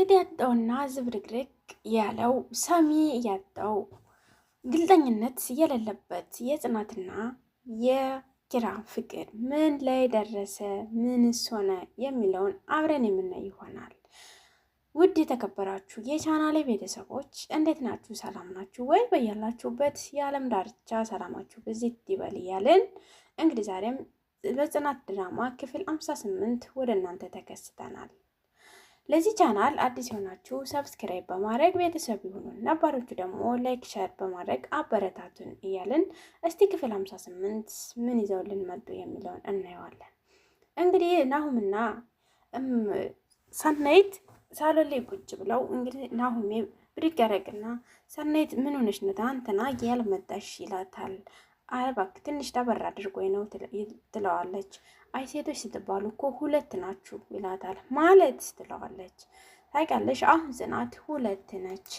ቅጥ ያጣውና ዝብርቅርቅ ያለው ሰሚ ያጣው ግልጠኝነት የሌለበት የጽናትና የኪራ ፍቅር ምን ላይ ደረሰ? ምንስ ሆነ? የሚለውን አብረን የምናይ ይሆናል። ውድ የተከበራችሁ የቻናሌ ቤተሰቦች እንዴት ናችሁ? ሰላም ናችሁ ወይ? በያላችሁበት የዓለም ዳርቻ ሰላማችሁ ብዚት ይበል እያልን እንግዲህ ዛሬም በጽናት ድራማ ክፍል 58 ወደ እናንተ ተከስተናል። ለዚህ ቻናል አዲስ የሆናችሁ ሰብስክራይብ በማድረግ ቤተሰብ ይሁኑ። ነባሮቹ ደግሞ ላይክ፣ ሸር በማድረግ አበረታቱን እያልን እስቲ ክፍል 58 ምን ይዘው ልንመጡ የሚለውን እናየዋለን። እንግዲህ ናሁምና ሰናይት ሳሎን ላይ ቁጭ ብለው እንግዲህ ናሁሜ ብድግ ያደረግና ሰናይት ምን ሆነሽ ነው ትናንትና ያልመጣሽ ይላታል። አይ ትንሽ ዳበር አድርጎኝ ነው ትለዋለች። አይ ሴቶች ስትባሉ እኮ ሁለት ናችሁ ይላታል። ማለት ትለዋለች። ታውቂያለሽ አሁን ጽናት ሁለት ነች።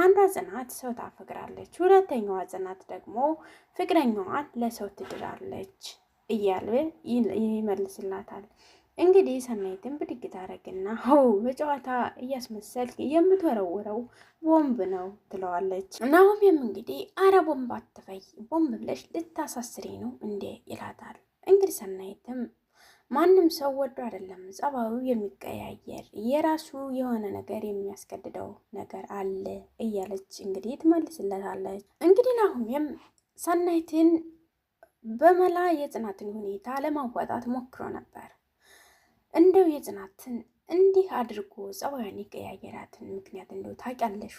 አንዷ ጽናት ሰው ታፈቅራለች፣ ሁለተኛዋ ጽናት ደግሞ ፍቅረኛዋን ለሰው ትድራለች እያለ ይመልስላታል። እንግዲህ ሰናይትን ብድግ ታረግና ሆው በጨዋታ እያስመሰልክ የምትወረውረው ቦምብ ነው ትለዋለች። ናሆምም እንግዲህ አረ ቦምብ አትፈይ፣ ቦምብ ብለሽ ልታሳስሬ ነው እንዴ ይላታል። እንግዲህ ሰናይትም ማንም ሰው ወዶ አይደለም ጸባዩ የሚቀያየር የራሱ የሆነ ነገር የሚያስገድደው ነገር አለ እያለች እንግዲህ ትመልስለታለች። እንግዲህ ናሆምም ሰናይትን በመላ የጽናትን ሁኔታ ለማዋጣት ሞክሮ ነበር እንደው የጽናትን እንዲህ አድርጎ ጸባያን የቀያየራትን ምክንያት እንደው ታውቂያለሽ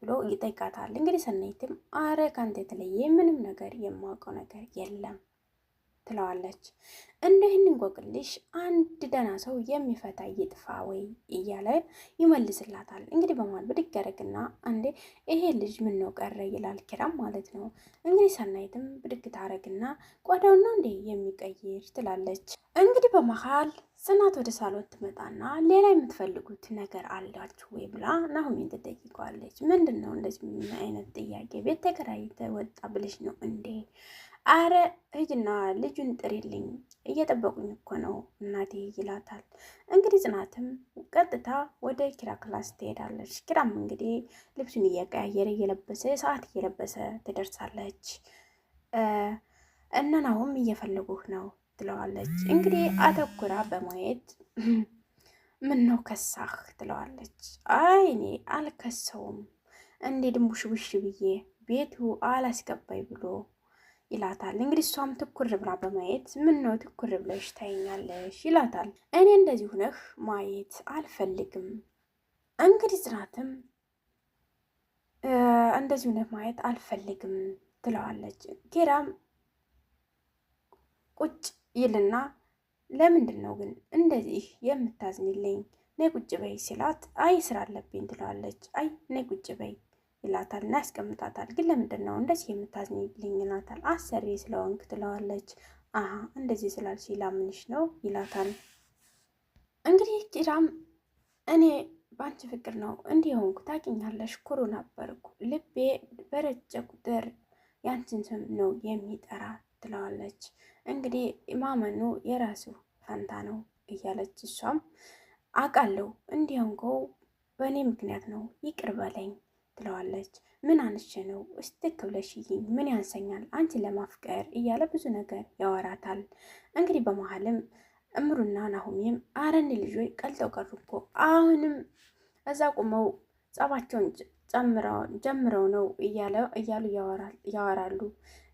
ብሎ ይጠይቃታል። እንግዲህ ሰናይትም አረ ከአንተ የተለየ ምንም ነገር የማውቀው ነገር የለም ትለዋለች። እንደህን እንቆቅልሽ አንድ ደህና ሰው የሚፈታ ይጥፋ ወይ እያለ ይመልስላታል። እንግዲህ በመሃል ብድግ ያደርግና አንዴ ይሄ ልጅ ምን ነው ቀረ ይላል ኪራም ማለት ነው። እንግዲህ ሰናይትም ብድግ ታረግና ቆዳው ነው እንዴ የሚቀይር ትላለች። እንግዲህ በመሀል ጽናት ወደ ሳሎን ትመጣና ሌላ የምትፈልጉት ነገር አላችሁ ወይ ብላ ናሁሜን ትጠይቀዋለች። ምንድን ነው እንደዚህ አይነት ጥያቄ ቤት ተከራይተ ወጣ ብልሽ ነው እንዴ አረ ሂጂና ልጁን ጥሪልኝ እየጠበቁኝ እኮ ነው እናቴ ይላታል። እንግዲህ ጽናትም ቀጥታ ወደ ኪራ ክላስ ትሄዳለች። ኪራም እንግዲህ ልብሱን እየቀያየረ እየለበሰ ሰዓት እየለበሰ ትደርሳለች። እነናሁም እየፈለጉህ ነው ትለዋለች። እንግዲህ አተኩራ በማየት ምን ነው ከሳህ ትለዋለች። አይ እኔ አልከሰውም እንዴ ድንቡሽ ብዬ ቤቱ አላስገባኝ ብሎ ይላታል። እንግዲህ እሷም ትኩር ብላ በማየት ምን ነው ትኩር ብለሽ ታይኛለሽ? ይላታል። እኔ እንደዚህ ሁነህ ማየት አልፈልግም። እንግዲህ ጽናትም እንደዚህ ሁነህ ማየት አልፈልግም ትለዋለች። ኬራም ቁጭ ይልና ለምንድን ነው ግን እንደዚህ የምታዝንልኝ? ነይ ቁጭ በይ ሲላት አይ ስራ አለብኝ ትለዋለች። አይ ነይ ቁጭ በይ ይላታል እና ያስቀምጣታል። ግን ለምንድን ነው እንደዚህ የምታዝኝልኝ ይላታል። አሰሪ ስለሆንክ ትለዋለች። አሀ እንደዚህ ስላልሽ ላምንሽ ነው ይላታል። እንግዲህ ኪራም እኔ በአንቺ ፍቅር ነው እንዲህ ሆንኩ ታውቂኛለሽ፣ ኩሩ ነበርኩ፣ ልቤ በረጨ ቁጥር ያንቺን ስም ነው የሚጠራ ትለዋለች። እንግዲህ ማመኑ የራሱ ፈንታ ነው እያለች እሷም አውቃለሁ እንዲህ ሆንኩ በእኔ ምክንያት ነው ይቅር በለኝ ትለዋለች። ምን አንሽ ነው እስትክ ብለሽይኝ ምን ያንሰኛል አንቺ ለማፍቀር እያለ ብዙ ነገር ያወራታል። እንግዲህ በመሀልም እምሩና ናሁሜም አረን ልጆች ቀልጠው ቀሩ እኮ አሁንም እዛ ቁመው ጸባቸውን ጀምረው ነው እያሉ ያወራሉ።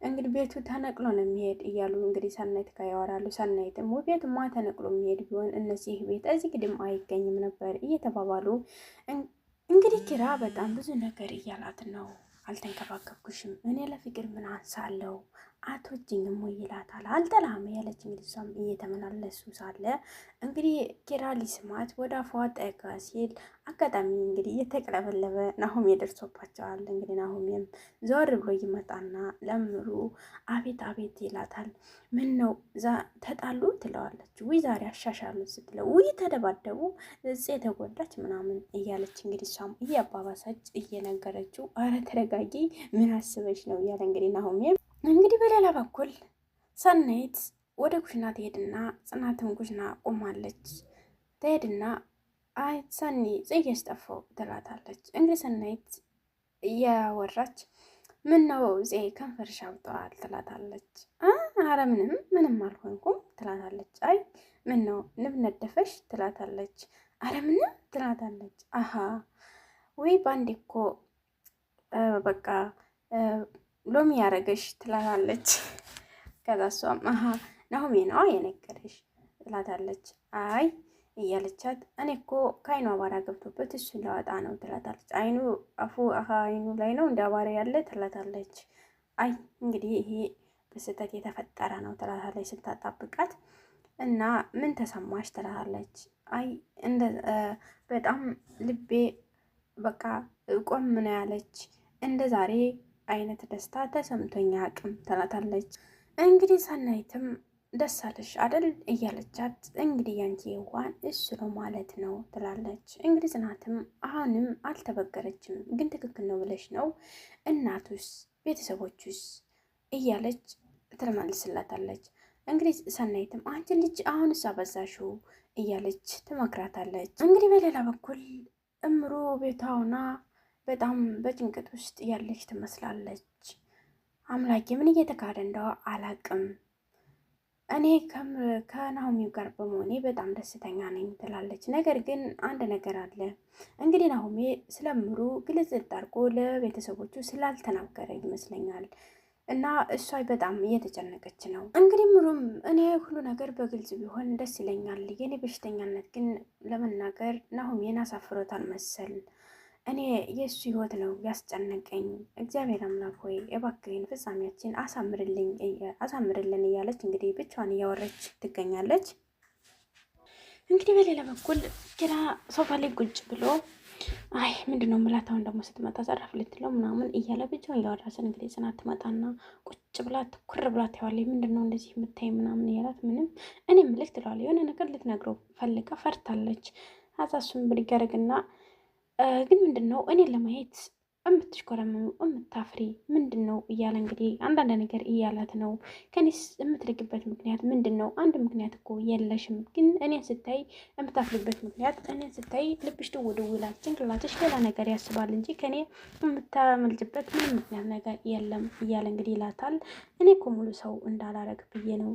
እንግዲህ ቤቱ ተነቅሎ ነው የሚሄድ እያሉ እንግዲህ ሰናይት ጋር ያወራሉ። ሰናይትም ቤትማ ተነቅሎ የሚሄድ ቢሆን እነዚህ ቤት እዚህ ግድም አይገኝም ነበር እየተባባሉ እንግዲህ ኪራ በጣም ብዙ ነገር እያላት ነው። አልተንከባከብኩሽም እኔ ለፍቅር ምን አንሳለው? አቶ እጅኝም ይላታል። አልጠላም ያለች እንግዲህ እሷም እየተመላለሱ ሳለ እንግዲህ ኪራ ሊስማት ወደ አፏ ጠጋ ሲል አጋጣሚ እንግዲህ እየተቅለበለበ ናሆሜ ደርሶባቸዋል። እንግዲህ ናሆሜም ዘወር ብሎ ይመጣና ለምሩ አቤት አቤት ይላታል። ምን ነው ተጣሉ ትለዋለች። ውይ ዛሬ አሻሻሉ ስትለው ውይ ተደባደቡ እጽ የተጎዳች ምናምን እያለች እንግዲህ እሷም እያባባሳች እየነገረችው አረ ተረጋጊ ምን አስበች ነው እያለ እንግዲህ ናሆሜም እንግዲህ በሌላ በኩል ሰናይት ወደ ኩሽና ትሄድና ጽናትን ኩሽና ቆማለች። ትሄድና አይ ሰኒ ጽጌ ስጠፋው ትላታለች። እንግዲህ ሰናይት እያወራች ምን ነው ዜ ከንፈርሽ አብጠዋል ትላታለች። አረ ምንም ምንም አልሆንኩም ትላታለች። አይ ምን ነው ንብ ነደፈሽ ትላታለች። አረ ምንም ትላታለች። አሃ ወይ በአንዴ እኮ በቃ ሎሚ ያረገሽ ትላታለች። ከዛ እሷም ናሆሜ ነው የነገረሽ ትላታለች። አይ እያለቻት እኔ እኮ ከአይኑ አቧራ ገብቶበት እሱ ለዋጣ ነው ትላታለች። አይኑ አፉ አይኑ ላይ ነው እንደ አቧራ ያለ ትላታለች። አይ እንግዲህ ይሄ በስህተት የተፈጠረ ነው ትላታለች ስታጣብቃት እና ምን ተሰማሽ ትላታለች። አይ እንደ በጣም ልቤ በቃ ቆም ነው ያለች እንደ ዛሬ አይነት ደስታ ተሰምቶኝ አቅም ትላታለች። እንግዲህ ሰናይትም ደስ አለሽ አደል እያለቻት እንግዲህ ያንቺ የዋን እሱ ነው ማለት ነው ትላለች። እንግዲህ ጽናትም አሁንም አልተበገረችም፣ ግን ትክክል ነው ብለሽ ነው እናቱስ ቤተሰቦቹስ እያለች ትመልስላታለች። እንግዲህ ሰናይትም አንቺ ልጅ አሁንስ አበዛሽው እያለች ትመክራታለች። እንግዲህ በሌላ በኩል እምሮ ቤቷውና በጣም በጭንቀት ውስጥ ያለች ትመስላለች። አምላኬ ምን እየተካሄደ እንደው አላቅም። እኔ ከናሆሚው ጋር በመሆኔ በጣም ደስተኛ ነኝ ትላለች። ነገር ግን አንድ ነገር አለ። እንግዲህ ናሆሜ ስለምሩ ግልጽ አድርጎ ለቤተሰቦቹ ስላልተናገረ ይመስለኛል እና እሷ በጣም እየተጨነቀች ነው። እንግዲህ ምሩም እኔ ሁሉ ነገር በግልጽ ቢሆን ደስ ይለኛል፣ የኔ በሽተኛነት ግን ለመናገር ናሆሜን አሳፍሮታል መሰል እኔ የእሱ ህይወት ነው ያስጨነቀኝ። እግዚአብሔር አምላክ ሆይ እባክህን ፍጻሜያችን አሳምርልን እያለች እንግዲህ ብቻዋን እያወረች ትገኛለች። እንግዲህ በሌላ በኩል ኪራ ሶፋ ላይ ቁጭ ብሎ አይ ምንድን ነው የምላት አሁን ደግሞ ስትመጣ ዘራፍ ልትለው ምናምን እያለ ብቻውን እያወራሰን እንግዲህ ጽናት ትመጣና ቁጭ ብላ ትኩር ብላ ታየዋለች። ምንድን ነው እንደዚህ የምታይ ምናምን እያላት ምንም እኔ ምልክ ትለዋለች። የሆነ ነገር ልትነግረው ፈልጋ ፈርታለች። አዛሱን ብድግ ያደርግና ግን ምንድን ነው እኔ ለማየት የምትሽኮረምሙ የምታፍሪ ምንድን ነው እያለ እንግዲህ አንዳንድ ነገር እያላት ነው። ከኔስ የምትርቅበት ምክንያት ምንድን ነው? አንድ ምክንያት እኮ የለሽም። ግን እኔን ስታይ የምታፍሪበት ምክንያት እኔን ስታይ ልብሽ ድውድውላል፣ ጭንቅላትሽ ሌላ ነገር ያስባል እንጂ ከኔ የምታመልጭበት ምንም ምክንያት ነገር የለም እያለ እንግዲህ ይላታል። እኔ እኮ ሙሉ ሰው እንዳላረግ ብዬ ነው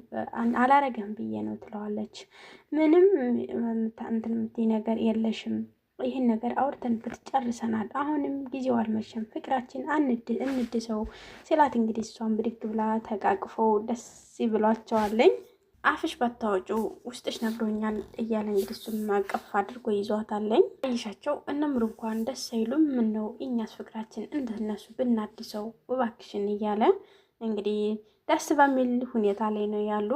አላረግህም ብዬ ነው ትለዋለች። ምንም እንትን የምትይ ነገር የለሽም ይህን ነገር አውርተንበት ጨርሰናል። አሁንም ጊዜው አልመሸም፣ ፍቅራችን እንድሰው ስላት እንግዲህ እሷን ብድግ ብላ ተቃቅፈው ደስ ብሏቸዋለኝ። አፍሽ ባታወጩ ውስጥሽ ነግሮኛል እያለ እንግዲህ እሱም አቀፍ አድርጎ ይዟታለኝ። አይሻቸው እነምሩ እንኳን ደስ አይሉም። ምን ነው እኛስ ፍቅራችን እንደነሱ ብናድሰው እባክሽን እያለ እንግዲህ ደስ በሚል ሁኔታ ላይ ነው ያሉ።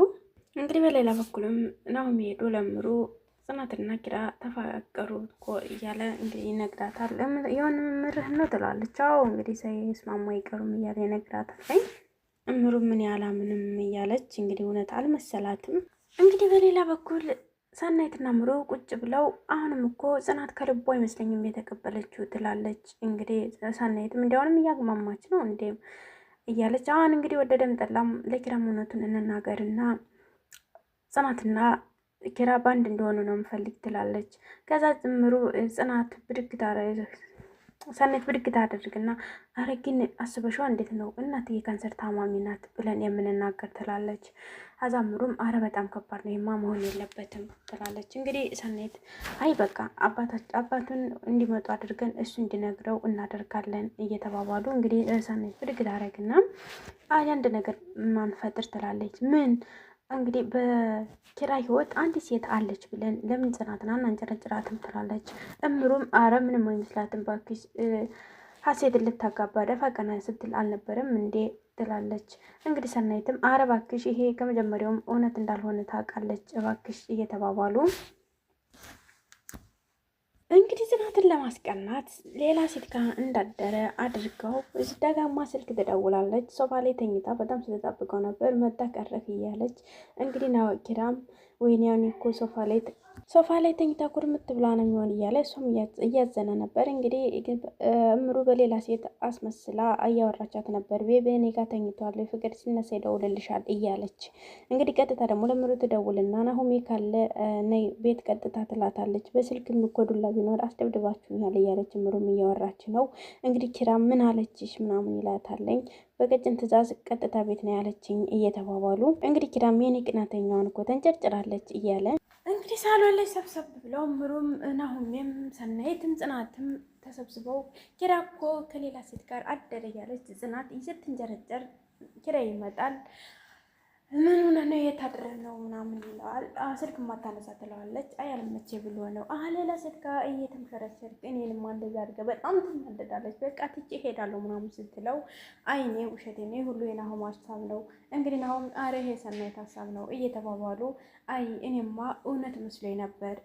እንግዲህ በሌላ በኩልም ነው ሄዱ ለምሩ ጽናትና ኪራ ተፋቀሩ እኮ እያለ እንግዲህ ይነግራታል። የሆነ ምምርህ ነው ትላለች። አዎ እንግዲህ ሳይስማሙ አይቀሩም እያለ ይነግራታል። እምሩ ምን ያላ ምንም እያለች እንግዲህ እውነት አልመሰላትም። እንግዲህ በሌላ በኩል ሰናይትና እምሩ ቁጭ ብለው አሁንም እኮ ጽናት ከልቦ አይመስለኝም የተቀበለችው ትላለች። እንግዲህ ሰናይትም እንዲያውም እያግማማች ነው እንዴም እያለች አሁን እንግዲህ ወደ ደም ጠላም ለኪራም እውነቱን እንናገርና ጽናትና ኪራ ባንድ እንደሆኑ ነው የምፈልግ ትላለች። ከዛ ጥምሩ ጽናት ብድግ ሰነት ብድግ ታደርግና አረ ግን አስበሽዋ እንዴት ነው እናትዬ ካንሰር ታማሚ ናት ብለን የምንናገር ትላለች። አዛምሩም አረ በጣም ከባድ ነው ይማ መሆን የለበትም ትላለች። እንግዲህ ሰኔት አይ በቃ አባቱን እንዲመጡ አድርገን እሱ እንዲነግረው እናደርጋለን እየተባባሉ እንግዲህ ሰኔት ብድግ ታደርግና አይ አንድ ነገር ማንፈጥር ትላለች። ምን እንግዲህ በኪራ ህይወት አንዲት ሴት አለች ብለን ለምን ጽናትና እናንጨረጭራትም ትላለች። እምሩም አረ ምንም አይመስላትም ባክሽ ሀሴትን ልታጋባ ደፋ ቀና ስትል አልነበረም እንዴ ትላለች። እንግዲህ ሰናይትም አረ ባክሽ ይሄ ከመጀመሪያውም እውነት እንዳልሆነ ታውቃለች እባክሽ እየተባባሉ እንግዲህ ጽናትን ለማስቀናት ሌላ ሴት ጋር እንዳደረ አድርገው እዚህ ደጋማ ስልክ ትደውላለች። ሶፋ ላይ ተኝታ በጣም ስትጠብቀው ነበር መጣ ቀረፍ እያለች እንግዲህ ናወኪራም ወይኔ እኮ ሶፋ ላይ ሶፋ ላይ ተኝታ ኩርምት ብላ ነው የሚሆን እያለ እሷም እያዘነ ነበር። እንግዲህ እምሩ በሌላ ሴት አስመስላ እያወራቻት ነበር። ቤቢ እኔ ጋር ተኝቷል፣ ፍቅር ሲነሳ ይደውልልሻል እያለች እንግዲህ ቀጥታ ደግሞ ለምሩ ትደውልና ናሆሜ ካለ ነይ ቤት ቀጥታ ትላታለች። በስልክ የሚኮዱላ ቢኖር አስደብድባችሁኛል እያለች እምሩም እያወራች ነው። እንግዲህ ኪራ ምን አለችሽ ምናምን ይላታለኝ በቀጭን ትዕዛዝ ቀጥታ ቤት ነው ያለችኝ እየተባባሉ እንግዲህ ኪራም የኔ ቅናተኛዋን እኮ ተንጨርጭራለች እያለ እንግዲህ ሳሎን ላይ ሰብሰብ ብለው ምሩም ናሁሜም ሰናይትም ጽናትም ተሰብስበው ኪራ እኮ ከሌላ ሴት ጋር አደረ ያለች ጽናት ይዘት ትንጀረጀር ኪራ ይመጣል። ምን ሆነ ነው የታደረ ነው ምናምን ይለዋል። ስልክ ማታነሳ ትለዋለች። አይ አልመቼ ብሎ ነው አለላ ስልክ እየተምሸረሸር እኔንም እንደዛ አድርገህ በጣም ትናደዳለች። በቃ ትቼ እሄዳለሁ ምናምን ስትለው አይኔ እኔ ውሸቴ ነው ሁሉ የናሆም ሀሳብ ነው እንግዲህ ናሆም አረ ይሄ ሰናይት ሀሳብ ነው እየተባባሉ አይ እኔማ እውነት መስሎኝ ነበር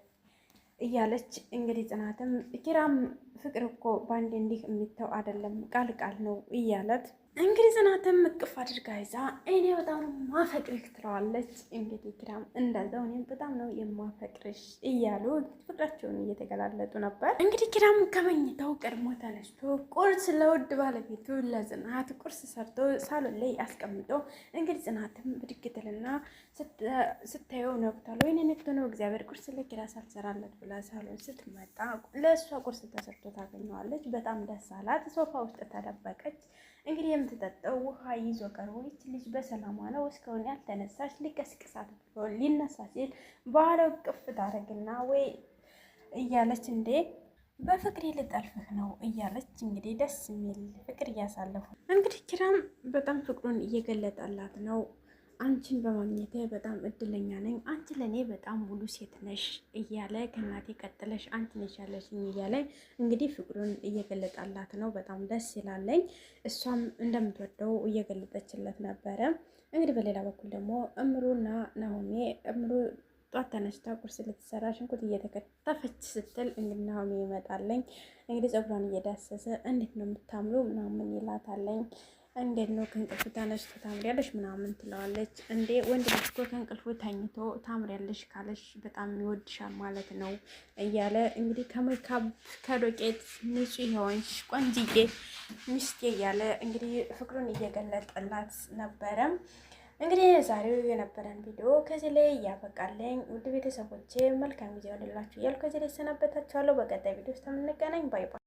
እያለች እንግዲህ ጽናትም ኪራም ፍቅር እኮ በአንድ እንዲህ የሚተው አይደለም ቃል ቃል ነው እያለት እንግዲህ ጽናትም እቅፍ አድርጋ ይዛ እኔ በጣም ነው ማፈቅርህ ትለዋለች። እንግዲህ ኪራም እንደዛው እኔም በጣም ነው የማፈቅርሽ እያሉ ፍቅራቸውን እየተገላለጡ ነበር። እንግዲህ ኪራም ከመኝታው ቀድሞ ተነስቶ ቁርስ ለውድ ባለቤቱ ለጽናት ቁርስ ሰርቶ ሳሎን ላይ አስቀምጦ እንግዲህ ጽናትም ብድግ ትልና ስታየው ነብታል ወይ ነግቶ ነው እግዚአብሔር ቁርስ ለኪራ ሳልሰራለት ብላ ሳሎን ስትመጣ ለእሷ ቁርስ ተሰርቶ ታገኘዋለች። በጣም ደስ አላት። ሶፋ ውስጥ ተደበቀች። እንግዲህ የምትጠጣው ውሃ ይዞ ቀርቦ ይች ልጅ በሰላማ ነው እስካሁን ያልተነሳች። ሊቀስቅሳት ብሎ ሊነሳ ሲል ባህለው ቅፍት አረግና ወይ እያለች እንዴ በፍቅሬ ልጠልፍህ ነው እያለች እንግዲህ ደስ የሚል ፍቅር እያሳለፉ እንግዲህ ኪራም በጣም ፍቅሩን እየገለጠላት ነው። አንቺን በማግኘት በጣም እድለኛ ነኝ፣ አንቺ ለእኔ በጣም ሙሉ ሴት ነሽ እያለ ከእናቴ ቀጥለሽ አንቺ ነሽ ያለሽኝ እያለ እንግዲህ ፍቅሩን እየገለጣላት ነው። በጣም ደስ ይላለኝ። እሷም እንደምትወደው እየገለጠችለት ነበረ። እንግዲህ በሌላ በኩል ደግሞ እምሩና ናሆሜ እምሩ ጧት ተነስታ ቁርስ ልትሰራ ሽንኩርት እየተከተፈች ስትል እንግዲህ ናሆሜ ይመጣለኝ። እንግዲህ ፀጉሯን እየዳሰሰ እንዴት ነው የምታምሩ ምናምን ይላታለኝ። እንዴት ነው ከእንቅልፍ ተነስቶ ታምሪያለሽ ምናምን ትለዋለች። እንዴ ወንድ ልጅ እኮ ከእንቅልፉ ተኝቶ ታምሪያለሽ ካለሽ በጣም ይወድሻል ማለት ነው እያለ እንግዲህ ከሜካፕ ከዶቄት ንጹሕ የሆንሽ ቆንጅዬ ሚስቴ እያለ እንግዲህ ፍቅሩን እየገለጠላት ነበረም። እንግዲህ ዛሬው የነበረን ቪዲዮ ከዚህ ላይ እያበቃለኝ። ውድ ቤተሰቦቼ መልካም ጊዜ ሆንላችሁ እያልኩ ከዚህ ላይ ሰናበታችኋለሁ። በቀጣይ ቪዲዮ ውስጥ ባይ ባይ።